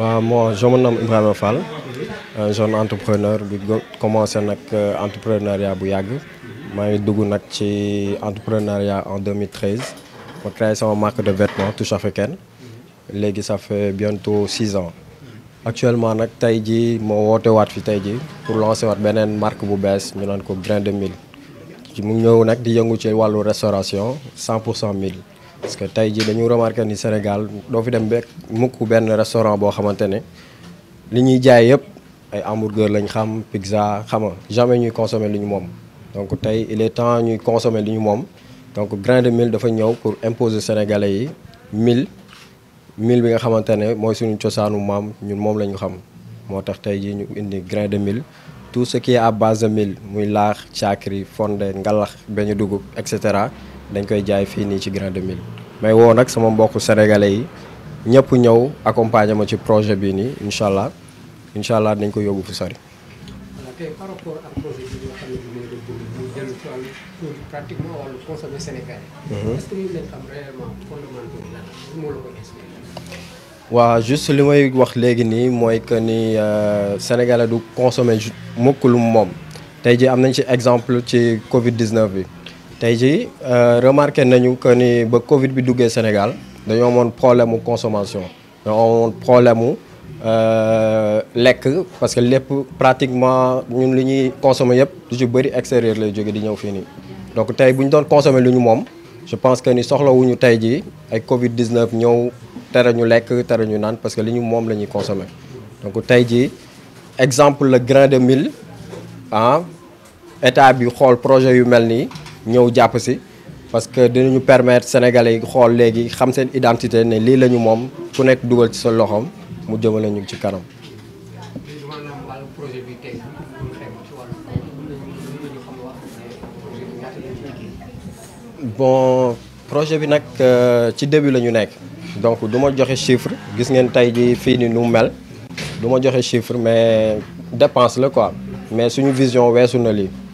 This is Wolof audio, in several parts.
waaw moo je me nomme Ibrahima Fall un euh, jeune entrepreneur bi commencé nag euh, entrepreneuriat bu yàgg maa ngi dugg nag ci entrepreneuriat en 2013 ma créé sama marque de vêtements touche africaine léegi ça fait bientôt six ans actuellement nag tey jii moo woote waat fi tey jii pour lancer waat beneen marque bu bees ñu naan ko grain de mil mu ñëw nag di yëngu ci wàllu restauration 100 pour parce que tey jii dañu remarqué ni Sénégal doo fi dem ba mukk benn restaurant boo xamante ne li ñuy jaay yëpp ay hamburger lañ xam pizza xama jamais ñuy consommer li ñu moom donc tey il est temps ñuy consommer li ñu moom donc grain de dafa ñëw pour imposer sénégalais yi mil mille bi nga xamante ne mooy suñu cosaanu maam ñun moom la ñu xam moo tax tey jii ñu indi grain de mil tout ce qui à base de mil muy laax caakri fonde ngalax beñu dugub et cetera dañ koy jaay fii nii ci Grand mil mais woo nag sama mbokku sénégalais yi ñëpp ñëw accompagner ma ci projet bii nii incha allah incha allah dañ ko yóbbu fu sori. waa par mhm. juste li may wax léegi nii mooy que ni euh, sénégalais du consommer mukk lu moom tey ji am nañ ci exemple ci Covid 19 bi. tey jii euh, remarqué nañu que ni ba Covid bi duggee Sénégal dañoo amoon problème mu consommation dañoo amoon problème euh, lekk parce que lépp pratiquement ñun li ñuy consommer yëpp lu ci bëri extérieur lay jóge di ñëw fii nii. donc tey bu ñu doon consommer lu ñu moom je pense que ni soxlawuñu tey jii ay Covid 19 ñëw tere ñu lekk tere ñu naan parce que li ñu moom la ñuy consommer donc tey jii exemple le grain mille mil ah, état bi xool projet yu mel nii. ñëw jàpp si parce que dinañu permettre sénégalais yi xool léegi xam seen identité ne lii la ñu moom ku nekk dugal ci sa loxoom mu jëmale ñu ci kanam. bon projet bi nag euh, ci début la ñu nekk donc du ma joxe chiffre gis ngeen tey ji fii ni nu mel du ma joxe chiffre mais dépense la quoi mais suñu vision weesu na lii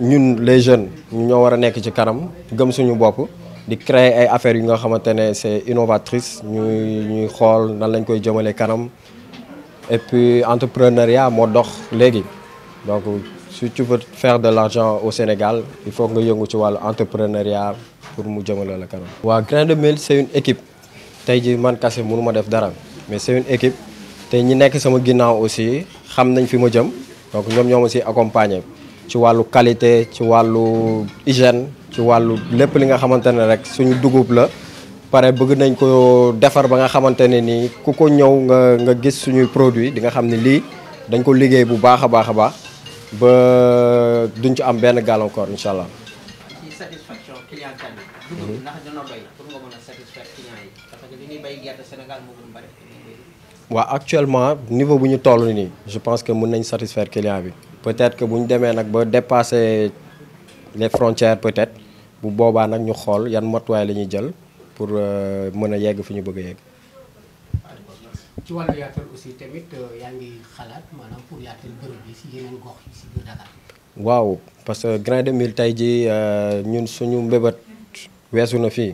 ñun les jeunes ñu ñoo war a nekk ci kanam gëm suñu bopp di créer ay affaires yu nga xamante ne c'est innovatrice ñuy ñuy xool nan lañ koy jëmale kanam et puis entrepreneuriat moo dox léegi donc si tu veux faire de l'argent au Sénégal il faut nga yëngu ci wàllu entrepreneuriat pour mu jëmale la kanam. waa grain de mil c'est une équipe tey ji man kese mënuma def dara mais c'est une équipe te ñi nekk sama ginnaaw aussi xam nañ fi ma jëm donc ñoom ñoo ma si accompagner. ci wàllu qualité ci wàllu hygiène ci wàllu lépp li nga xamante ne rek suñu dugub la pare bëgg nañ ko defar ba nga xamante ne ni ku ko ñëw nga nga gis suñuy produit di nga xam ne lii dañ ko liggéey bu baax a baax a baax ba duñ ci am benn gàllankoor incha allah. ci satisfaction client mhm. actuellement niveau bu ñu toll nii je pense que mun nañ satisfaire client bi. peut-être que bu ñu demee nag ba dépasser les frontières peut-être bu boobaa nag ñu xool yan matuwaay la ñuy jël pour euh, mën a yegg fi ñu bëgg a yegg. ci euh, waaw parce que grain de tey jii euh, ñun suñu mbëbët weesu na fii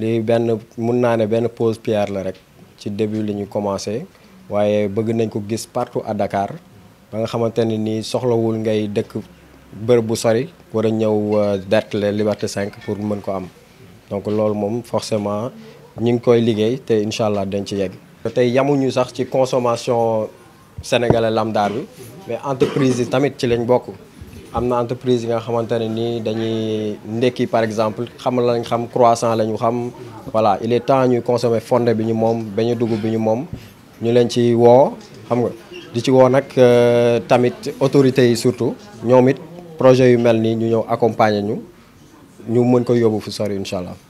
lii benn mun naa ne benn pose pierre la rek ci début lañuy commencé waaye bëgg nañ ko gis partout à Dakar. ba nga xamante ne nii soxlawul ngay dëkk bërëb bu sori war a ñëw euh, Derklé Liberté cinq pour mën ko am donc loolu moom forcément ñu ngi koy liggéey te incha allah dañ ci yegg. tey yamuñu sax ci consommation sénégalais lambda bi mais entreprise yi tamit ci lañ bokk am na entreprise yi nga xamante ne nii dañuy ndekki par exemple xam lañ xam croissant la ñu xam voilà il est temps ñuy consommer fonde bi ñu moom beñu dugub bi ñu moom ñu leen ci woo xam nga. di ci woo nag euh, tamit autorités yi surtout ñoom it projet yu mel nii ñu ñëw accompagner ñu ñu mën ko yóbbu fu sori incha allah.